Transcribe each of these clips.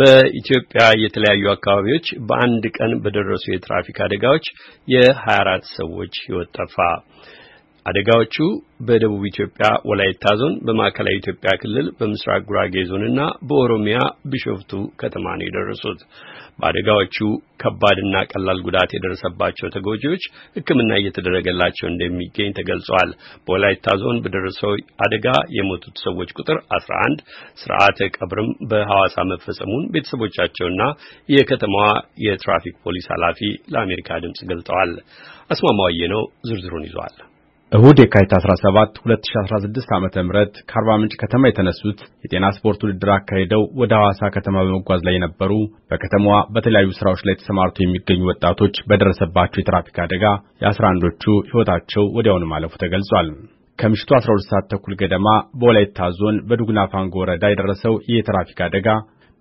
በኢትዮጵያ የተለያዩ አካባቢዎች በአንድ ቀን በደረሱ የትራፊክ አደጋዎች የ24 ሰዎች ሕይወት ጠፋ። አደጋዎቹ በደቡብ ኢትዮጵያ ወላይታ ዞን፣ በማዕከላዊ ኢትዮጵያ ክልል በምስራቅ ጉራጌ ዞንና በኦሮሚያ ቢሾፍቱ ከተማ ነው የደረሱት። በአደጋዎቹ ከባድና ቀላል ጉዳት የደረሰባቸው ተጎጂዎች ሕክምና እየተደረገላቸው እንደሚገኝ ተገልጿል። በወላይታ ዞን በደረሰው አደጋ የሞቱት ሰዎች ቁጥር 11፣ ስርዓተ ቀብርም በሐዋሳ መፈጸሙን ቤተሰቦቻቸውና የከተማዋ የትራፊክ ፖሊስ ኃላፊ ለአሜሪካ ድምጽ ገልጠዋል። አስማማው ነው ዝርዝሩን ይዟል። እሁድ የካቲት 17 2016 ዓ.ም ከአርባ ምንጭ ከተማ የተነሱት የጤና ስፖርት ውድድር አካሄደው ወደ ሐዋሳ ከተማ በመጓዝ ላይ የነበሩ በከተማዋ በተለያዩ ስራዎች ላይ ተሰማርተው የሚገኙ ወጣቶች በደረሰባቸው የትራፊክ አደጋ የ11ዶቹ ሕይወታቸው ወዲያውኑ ማለፉ ተገልጿል። ከምሽቱ 12 ሰዓት ተኩል ገደማ በወላይታ ዞን በዱጉና ፋንጎ ወረዳ የደረሰው ይህ የትራፊክ አደጋ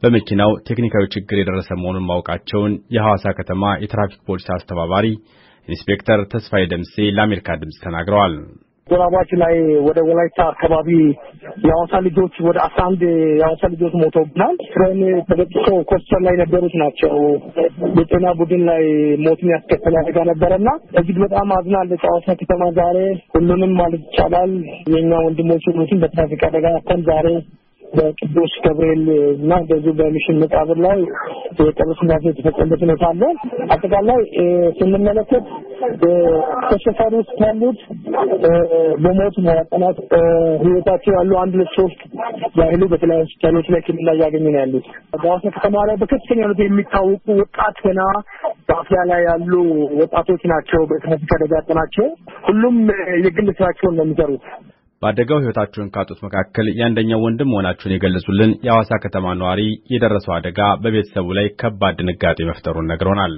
በመኪናው ቴክኒካዊ ችግር የደረሰ መሆኑን ማወቃቸውን የሐዋሳ ከተማ የትራፊክ ፖሊስ አስተባባሪ ኢንስፔክተር ተስፋዬ ደምሴ ለአሜሪካ ድምፅ ተናግረዋል። ጎራባች ላይ ወደ ወላይታ አካባቢ የአዋሳ ልጆች ወደ አስራ አንድ የአዋሳ ልጆች ሞተውብናል። ትሬን ተበጥሶ ኮስተር ላይ ነበሩት ናቸው የጤና ቡድን ላይ ሞትን ያስከተለ አደጋ ነበረና እጅግ በጣም አዝናለች አዋሳ ከተማ ዛሬ ሁሉንም ማለት ይቻላል የኛ ወንድሞች ሁሉትን በትራፊክ አደጋ ዛሬ በቅዱስ ገብርኤል እና እንደዚሁ በሚሽን መቃብር ላይ የቀብር ስናሴ የተፈጸመበት ሁኔታ አለ። አጠቃላይ ስንመለከት ተሸፋሪ ውስጥ ያሉት በሞት መጠናት ህይወታቸው ያሉ አንድ ሁለት ሶስት ያህሉ በተለያዩ ሆስፒታሎች ላይ ክምላ እያገኙ ነው ያሉት። በሐዋሳ ከተማ ላይ በከፍተኛ ሁኔታ የሚታወቁ ወጣት ገና በአፍያ ላይ ያሉ ወጣቶች ናቸው። በትራፊክ አደጋ ናቸው። ሁሉም የግል ስራቸውን ነው የሚሰሩት። በአደጋው ሕይወታቸውን ካጡት መካከል የአንደኛው ወንድም መሆናቸውን የገለጹልን የሐዋሳ ከተማ ነዋሪ የደረሰው አደጋ በቤተሰቡ ላይ ከባድ ድንጋጤ መፍጠሩን ነግሮናል።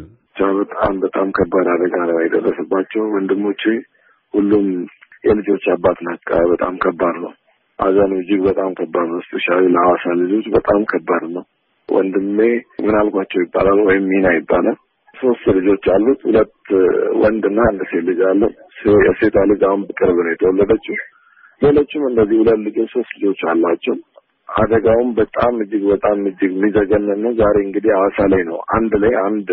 በጣም በጣም ከባድ አደጋ ነው የደረሰባቸው ወንድሞቼ። ሁሉም የልጆች አባት ናቃ። በጣም ከባድ ነው። አዘኑ እጅግ በጣም ከባድ ነው። ስፔሻ ለሐዋሳ ልጆች በጣም ከባድ ነው። ወንድሜ አልኳቸው ይባላል ወይም ሚና ይባላል። ሶስት ልጆች አሉት። ሁለት ወንድና አንድ ሴት ልጅ አለ። የሴቷ ልጅ አሁን በቅርብ ነው የተወለደችው። ሌሎችም እንደዚህ ሁለት ልጆች ሶስት ልጆች አላቸው። አደጋውም በጣም እጅግ በጣም እጅግ የሚዘገንን ነው። ዛሬ እንግዲህ ሐዋሳ ላይ ነው አንድ ላይ አንድ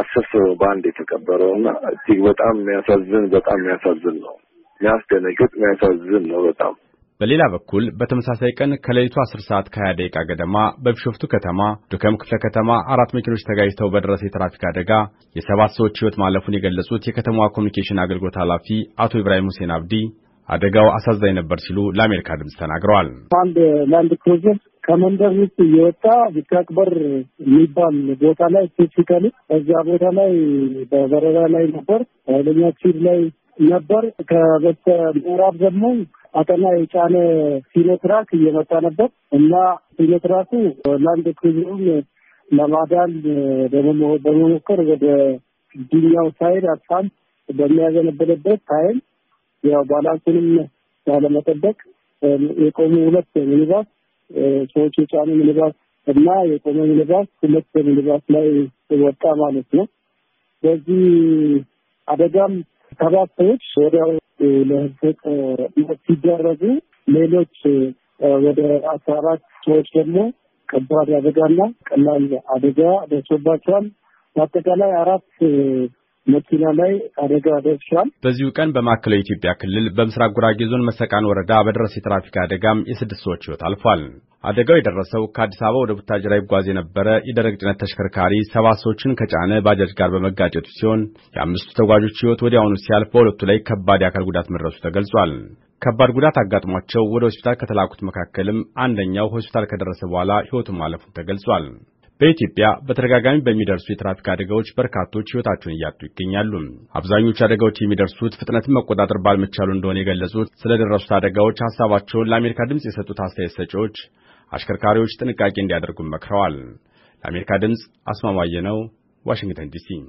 አስር ሰው በአንድ የተቀበረው እና እጅግ በጣም የሚያሳዝን በጣም የሚያሳዝን ነው። የሚያስደነግጥ የሚያሳዝን ነው በጣም። በሌላ በኩል በተመሳሳይ ቀን ከሌሊቱ 10 ሰዓት ከ20 ደቂቃ ገደማ በቢሾፍቱ ከተማ ዱከም ክፍለ ከተማ አራት መኪኖች ተጋጅተው በደረሰ የትራፊክ አደጋ የሰባት ሰዎች ሕይወት ማለፉን የገለጹት የከተማዋ ኮሚኒኬሽን አገልግሎት ኃላፊ አቶ ኢብራሂም ሁሴን አብዲ አደጋው አሳዛኝ ነበር ሲሉ ለአሜሪካ ድምፅ ተናግረዋል። አንድ ላንድ ክሩዘር ከመንደር ውስጥ እየወጣ ቢካቅበር የሚባል ቦታ ላይ ቴክኒካሊ እዚያ ቦታ ላይ በበረራ ላይ ነበር ኃይለኛ ፊድ ላይ ነበር። ከበስተ ምዕራብ ደግሞ አጠና የጫነ ሲኖትራክ እየመጣ ነበር እና ሲኖትራኩ ላንድ ክሩዘሩን ለማዳን በመሞከር ወደ ዲኛው ሳይድ አጥፋን በሚያዘነበለበት ታይም ያው ባላንሱንም ባለመጠበቅ የቆሙ ሁለት ሚኒባስ ሰዎች የጫኑ ሚኒባስ እና የቆመ ሚኒባስ ሁለት ሚኒባስ ላይ ወጣ ማለት ነው። በዚህ አደጋም ሰባት ሰዎች ወዲያው ለህብቅ ሲደረጉ ሌሎች ወደ አስራ አራት ሰዎች ደግሞ ከባድ አደጋና ቀላል አደጋ ደርሶባቸዋል። በአጠቃላይ አራት መኪና ላይ አደጋ ደርሷል። በዚሁ ቀን በማዕከላዊ ኢትዮጵያ ክልል በምስራቅ ጉራጌ ዞን መሰቃን ወረዳ በደረሰ የትራፊክ አደጋም የስድስት ሰዎች ሕይወት አልፏል። አደጋው የደረሰው ከአዲስ አበባ ወደ ቡታጅራ ይጓዝ የነበረ የደረቅ ጭነት ተሽከርካሪ ሰባት ሰዎችን ከጫነ ባጃጅ ጋር በመጋጨቱ ሲሆን የአምስቱ ተጓዦች ህይወት ወዲያውኑ ሲያልፍ በሁለቱ ላይ ከባድ የአካል ጉዳት መድረሱ ተገልጿል። ከባድ ጉዳት አጋጥሟቸው ወደ ሆስፒታል ከተላኩት መካከልም አንደኛው ሆስፒታል ከደረሰ በኋላ ህይወቱ ማለፉ ተገልጿል። በኢትዮጵያ በተደጋጋሚ በሚደርሱ የትራፊክ አደጋዎች በርካቶች ሕይወታቸውን እያጡ ይገኛሉ። አብዛኞቹ አደጋዎች የሚደርሱት ፍጥነትን መቆጣጠር ባልመቻሉ እንደሆነ የገለጹት ስለደረሱት አደጋዎች ሀሳባቸውን ለአሜሪካ ድምፅ የሰጡት አስተያየት ሰጪዎች አሽከርካሪዎች ጥንቃቄ እንዲያደርጉም መክረዋል። ለአሜሪካ ድምፅ አስማማየ ነው፣ ዋሽንግተን ዲሲ